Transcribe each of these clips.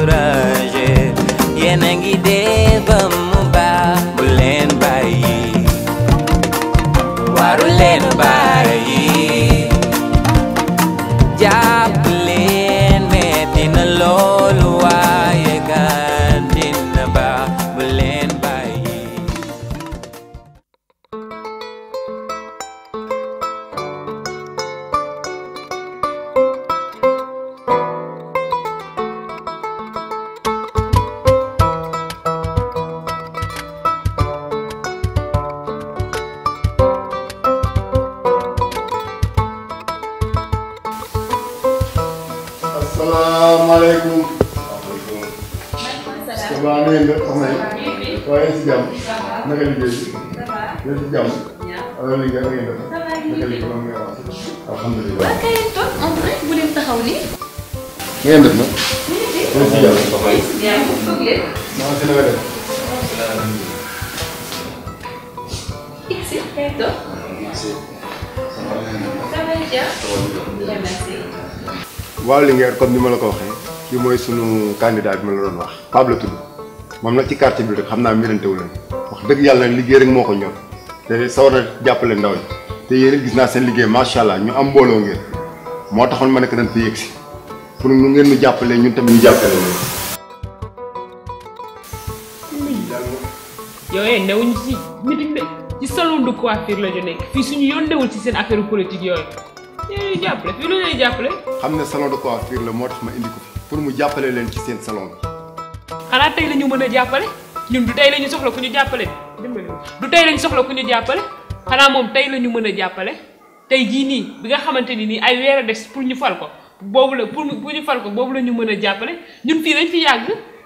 what I Assalamualaikum. Assalamualaikum. salaam. waaw waaw Linguère comme ni ma la ko waxee kii mooy sunu candidat bi ma la doon wax Pape la tudd moom nag ci quartier bi rek xam naa mirantewul leen wax dëgg yàlla nag liggéey rek moo ko ñor te sawar a jàppale ndaw yi te yéen gis naa seen liggéey macha allah ñu am mbooloo ngeen moo taxoon ma nekk dañ fi yegg si pour nu ngeen ñu jàppale ñun tamit ñu jàppale yónneewul eh, ci seen affaire politique yooyu. ñu jàppale fi lu lay jàppale. xam ne salon de coiffure la moo ma indi ko pour mu ci salon bi. xanaa tey la ñu ñun du tey la soxla ku ñu jàppale du tey la soxla ku ñu jàppale xanaa moom tey la ñu mën a jàppale tey bi nga xamante ni ay weer a pour ñu fal ko la pour ñu fal ko la ñu ñun fi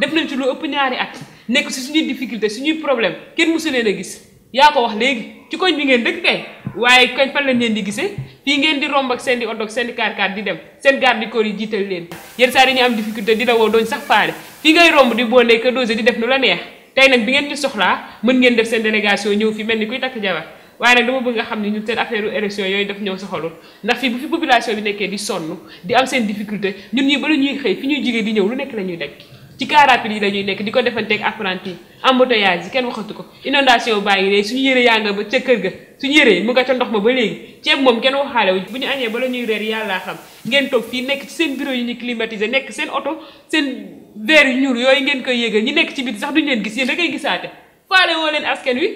def nañ ci lu ëpp ñaari at Nek si suñuy difficulté suñuy problème kenn mësu leen gis Ya ko wax léegi ci koñ bi ngeen dëkk kay waaye kañ fan lañ leen di gisee fii ngeen di romb ak seen di oto ak seen i kaar kaar di dem seen garde du yi jiital leen yenn saa dañuy am difficulté di la woo dooñ sax faale fii ngay romb di bondé que dosé di def nu la neex tey nag bi ngeen ñu soxlaa mën ngeen def seen délégation ñëw fi mel ni kuy takk jabar waaye nag dama bëgg nga xam ne ñun seen affaire élection yooyu daf ñëw soxalul ndax fii bu fi population bi nekkee di sonn di am seen difficulté ñun ñi ñuy xëy ñuy jigee di ñëw lu nekk la ñuy daj ci car rapide di ko defanteeg apprenti embouteillage yi kenn waxatu ko inondation baa ngi ne suñu yëre yaa nga ba ca kër su yëree mu nga ca ndox ma ba léegi ceeb moom kenn waxaale wu bu ñu añee bala ñuy reer yàllaa xam ngeen toog fii nekk ci seen bureau yi ñu climatisé nekk seen oto seen verre yu ñuul yooyu ngeen koy yégal ñi nekk ci biti sax duñu leen gis yéen rekk ay gisaate faale woo leen asken wi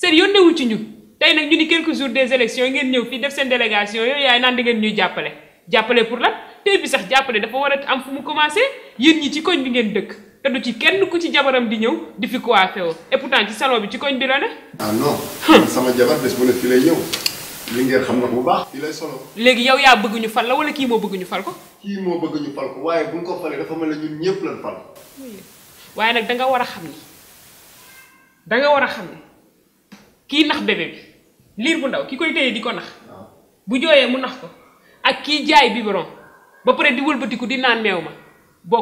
seen yónnewu ci ñu tey nag ñu ni quelques jours des élections ngeen ñëw fii def seen délégation yooy yaay naan di ngeen ñuy jàppale jàppale pour lan tey bi sax jàppale dafa war a am fu mu commencé yéen ñi ci koñ bi ngeen dëkk te du ci kenn ku ci jabaram di ñëw di fi coiffé woo et pourtant ci salon bi ci koñ bi la ne. ah non. sama jabar bés bu ne fii lay ñëw. li xam na bu baax. fii lay solo. léegi yow yaa bëgguñu ñu fal la wala kii moo bëgguñu ñu fal ko. kii moo bëgg ñu fal ko waaye bu ñu ko falee dafa mel ne ñun ñëpp lañ fal. waaye nag danga war a xam ni danga war a xam ni kii nax bébé liir bu ndaw ki koy téye di ko nax. Ah. bu jooyee mu nax ko ak kii jaay biberon ba pare di wëlbatiku di naan meew ma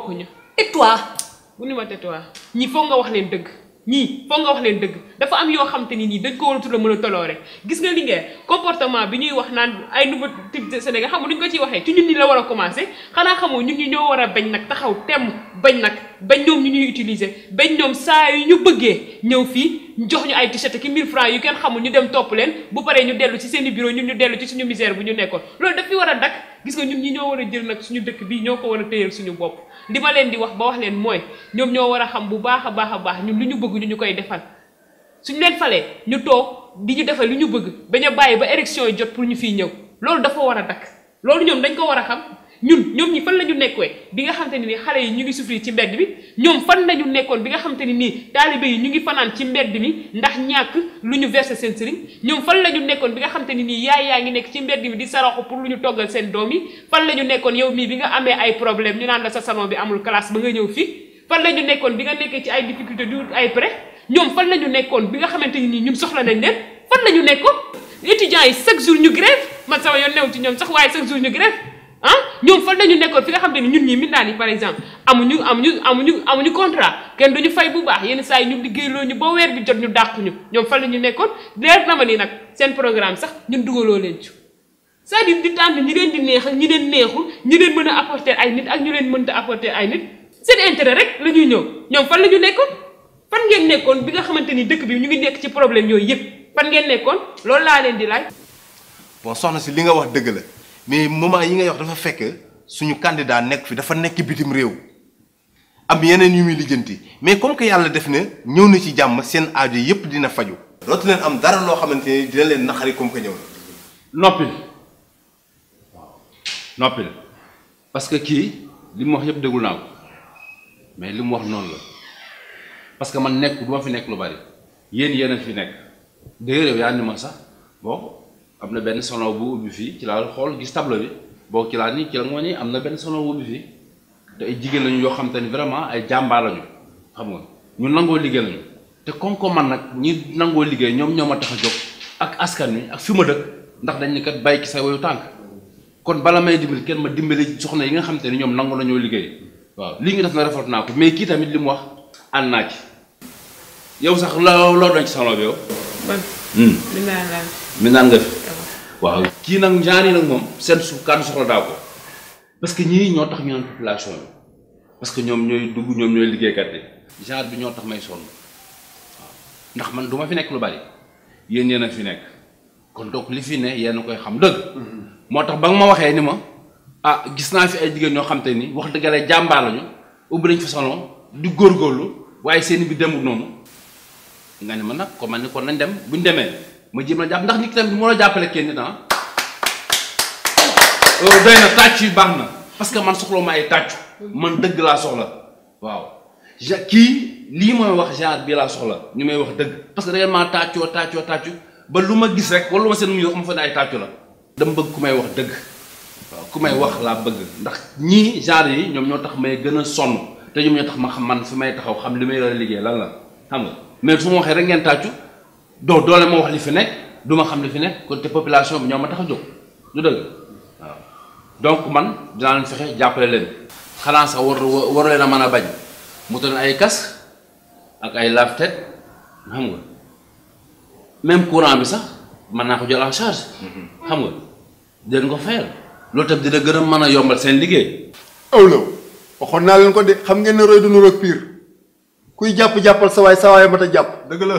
bu ni ma tetuwaa ñii foog nga wax leen dëgg ñii foog nga wax leen dëgg dafa am yoo xam te ni nii dañ ko waratul a mën a toloore gis nga li ngeen comportement bi ñuy wax naan ay nouveau type de Sénégal xam duñ ko ciy waxee ci ñun ñi la war a commencé xanaa xamoo ñun ñi ñoo war a bañ nag taxaw temm bañ nag bañ ñoom ñu ñuy utiliser bañ ñoom saa yu ñu bëggee ñëw fii jox ñu ay t-shirt ki 1000 francs yu kenn xamul ñu dem topp leen bu paree ñu dellu ci seen i bureau ñun ñu dellu ci suñu misère bu ñu nekkoon loolu daf fi war a dakk gis nga ñi ñoo war a jël nag suñu dëkk bii ñoo ko war a téyal suñu bopp li ma leen di wax ba wax leen mooy ñoom ñoo war a xam bu baax a baax a baax ñun lu ñu bëgg ñu ñu koy defal suñu leen falee ñu toog di ñu defal lu ñu bëgg bañ a bàyyi ba élection yi jot pour ñu fiy ñëw loolu dafa war a dakk loolu ñoom dañ ko war a xam ñun ñoom ñi fan la ñu nekkee bi nga xamante ne nii xale yi ñu ngi souffrir ci mbedd bi ñoom fan la ñu nekkoon bi nga xamante ne nii taalibe yi ñu ngi fanaan ci mbedd mi ndax ñàkk lu ñu verser seen sëriñ ñoom fan la ñu nekkoon bi nga xamante ne nii yaay yaa ngi nekk ci mbedd mi di saraxu pour lu ñu seen doom yi fan la ñu nekkoon yow mii bi nga amee ay problème ñu naan la sa salon bi amul classe ba nga ñëw fii fan la ñu nekkoon bi nga nekkee ci ay difficulté du ay prêt ñoom fan la ñu nekkoon bi nga xamante ne nii ñun soxla nañ leen fan la ñu nekkoon étudiants yi chaque jour ñu grève man sama yoon new ci ñoom sax waaye chaque jour ñu grève ah ñoom fan lañu nekkoon fi nga xam ne ñun ñi mindaan yi par exemple amuñu amuñu amuñu amuñu contrat kenn duñu fay bu baax yenn saa yi liggéeyloo ñu ba weer bi jot ñu dàquñu ñoom fan lañu nekkoon leer na ma ni nag seen programme sax ñun dugaloo leen ci c'est-à-dire di tànn ñi leen di neexal ñi leen neexul ñi leen mën a apporter ay nit ak ñu leen mënta apporter ay nit seen intérêt rek la ñuy ñëw ñoom fan la ñu nekkoon fan ngeen nekkoon bi nga xamante ni dëkk bi ñu ngi nekk ci problème yooyu yëpp fan ngeen nekkoon loolu laa leen di laaj bon soxna si li nga wax dëgg la mais moment yi ngay wax dafa fekk suñu candidat nekk fi dafa nekk bitim réew am yeneen yu muy lijjanti mais comme que yàlla def na ñëw na ci jàmm seen aajo yépp dina faju dootu leen am dara loo xamante ni dina leen naxari comme que ñëw noppil noppil parce que kii li mu wax yépp déglu naa ko mais li mu wax noonu la parce que man nekk du fi nekk lu bari yéen yéen a fi nekk dëgg yaa ni ma sax amna ben sono bu ubi fi ci la xol gis tableau bi bo ci la ni ci la ngoni amna ben sono bu ubi fi te ay jigen lañu yo tane vraiment ay jamba lañu xam nga ñu nango liggéey ñu te kon ko man nak ñi nango liggéey ñom ñoma taxa jox ak askan ni ak fima dekk ndax dañ ni kat bay ki sa wayu tank kon bala may dimbal ken ma dimbali soxna yi nga tane ñom nango lañu liggéey waaw li nga def na rafet nako mais ki tamit limu wax an na ci yow sax lo lo doon ci salon bi yow ba hmm minan la nga fi waaw kii nag njaani nag moom seen suuf kàddu soxla daa ko parce que ñii ñoo tax ñu naan population bi parce que ñoom ñooy dugg ñoom ñooy liggéeykat yi genre bi ñoo tax may sonn ndax man du ma fi nekk lu bari yéen yéen a fi nekk kon donc li fi ne yéen a koy xam dëgg mm-hmm. moo tax ba nga ma waxee ni ma ah gis naa fi ay jigéen ñoo xam te ni wax dëgg yàlla jàmbaar lañu ubbi nañ fa salon di góorgóorlu waaye seen bi demul noonu nga ne ma nag ko man ni kon nañ dem buñ demee ma jéem a jàpp ndax nit tamit moo la jàppale kenn nit ah. Euh, doy na tàcc yi baax na parce que man soxla ma ay tàccu man dëgg laa soxla waaw ja kii lii mooy wax genre bi laa soxla ñu may wax dëgg parce que réellement tàccoo tàccoo tàccu ba lu ma gis rek wala lu ma ma fa ne ay tàccu la dama bëgg ku may wax dëgg waaw ku may wax laa bëgg ndax ñii genre yi ñoom ñoo tax may gën a sonn te ñoom ñoo tax ma xam man su may taxaw xam li may la liggéey lan la xam nga mais su ma waxee rek ngeen tàccu donc doole ma wax li fi nekk duma xam li fi nekk kon te population bi ñoom ma tax a jóg du dëgg waaw donc man dinaa leen fexe jàppale leen xanaa sax war war leen a mën a bañ mu doon ay kas ak ay lave-tête xam nga même bi sax mën naa ko jël en mm-hmm. xam nga dinañ ko fayal loolu tam dina gën a mën a yombal seen liggéey awlaw naa leen ko de xam ngeen ne roy du nu roog piir kuy jàpp-jàppal sa waay sa waay mat a jàpp dëgg la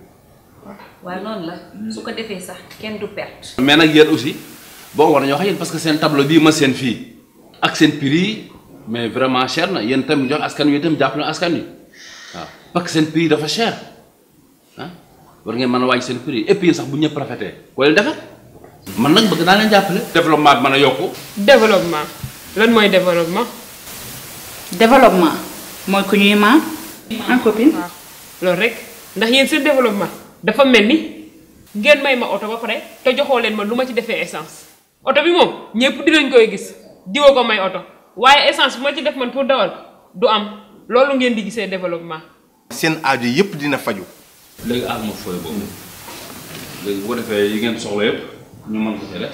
waaw suka la su ko defee sax kenn du perte. mais nag yéen aussi bon war nañoo wax yéen seen tableau bii ma seen mais vraiment cher na yéen tam jox askan wi itam jàpp na askan wi waaw parce que seen prix dafa cher ah war ngeen mën a wàññi seen prix et puis sax bu ñëpp rafetee koy leen defar man nag bëgg naa leen jàppale. développement bi mën a yokku. développement lan mooy développement. développement ku ñuy en copine. rek ndax seen développement dafa melni ngeen may ma auto ba pare te joxo len ma luma ci defé essence auto bi mom ñepp di lañ koy gis diwo ko may auto waye essence bu ma ci def man pour dawal du am lolu ngeen di gisé développement seen aaju yépp dina faju leg ak ma foy bobu leg bu defé yi ngeen soxla yépp ñu man ko ci def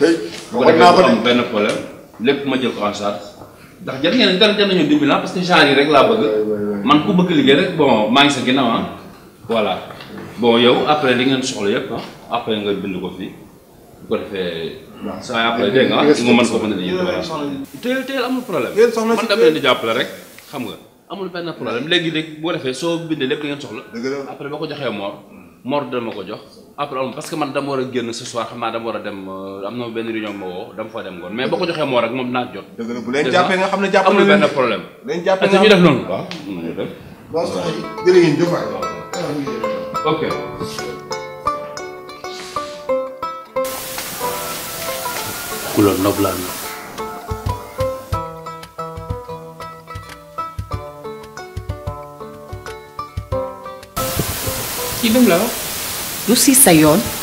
bu ko am ben problème lepp ma jël ko en charge ndax jël ngeen dara jël nañu dimbi la ah, parce que genre yi rek la bëgg man ku bëgg liggéey rek bon ma ngi sa ginaaw ah. voilà bon yow après li ngeen soxla yépp ah, après nga bind ko fii bu ko defee. waaw saa après dégg nga nga mën ko mën a yëngu voilà. teel teel amul problème. teel soxla si man dama leen di jàppale rek xam nga amul benn problème léegi léegi boo defee soo bindee lépp li ngeen soxla. après boo ko joxee Mor. Mor dama ko jox. après amul parce que man dama war a génn ce soir xam naa dama war a dem euh, am na benn réunion ma woo dama fa dem ngoon mais boo ko joxee Mor rek moom naa jot. dëgg la bu leen jàppee nga xam ne jàpp amul benn problème. leen jàppee nga xam ne ñu def noonu. waaw mën def. waaw soxna yi jërëjëf Oke. Okay. Kulon no plan. Inom lang? Lucy Sayon?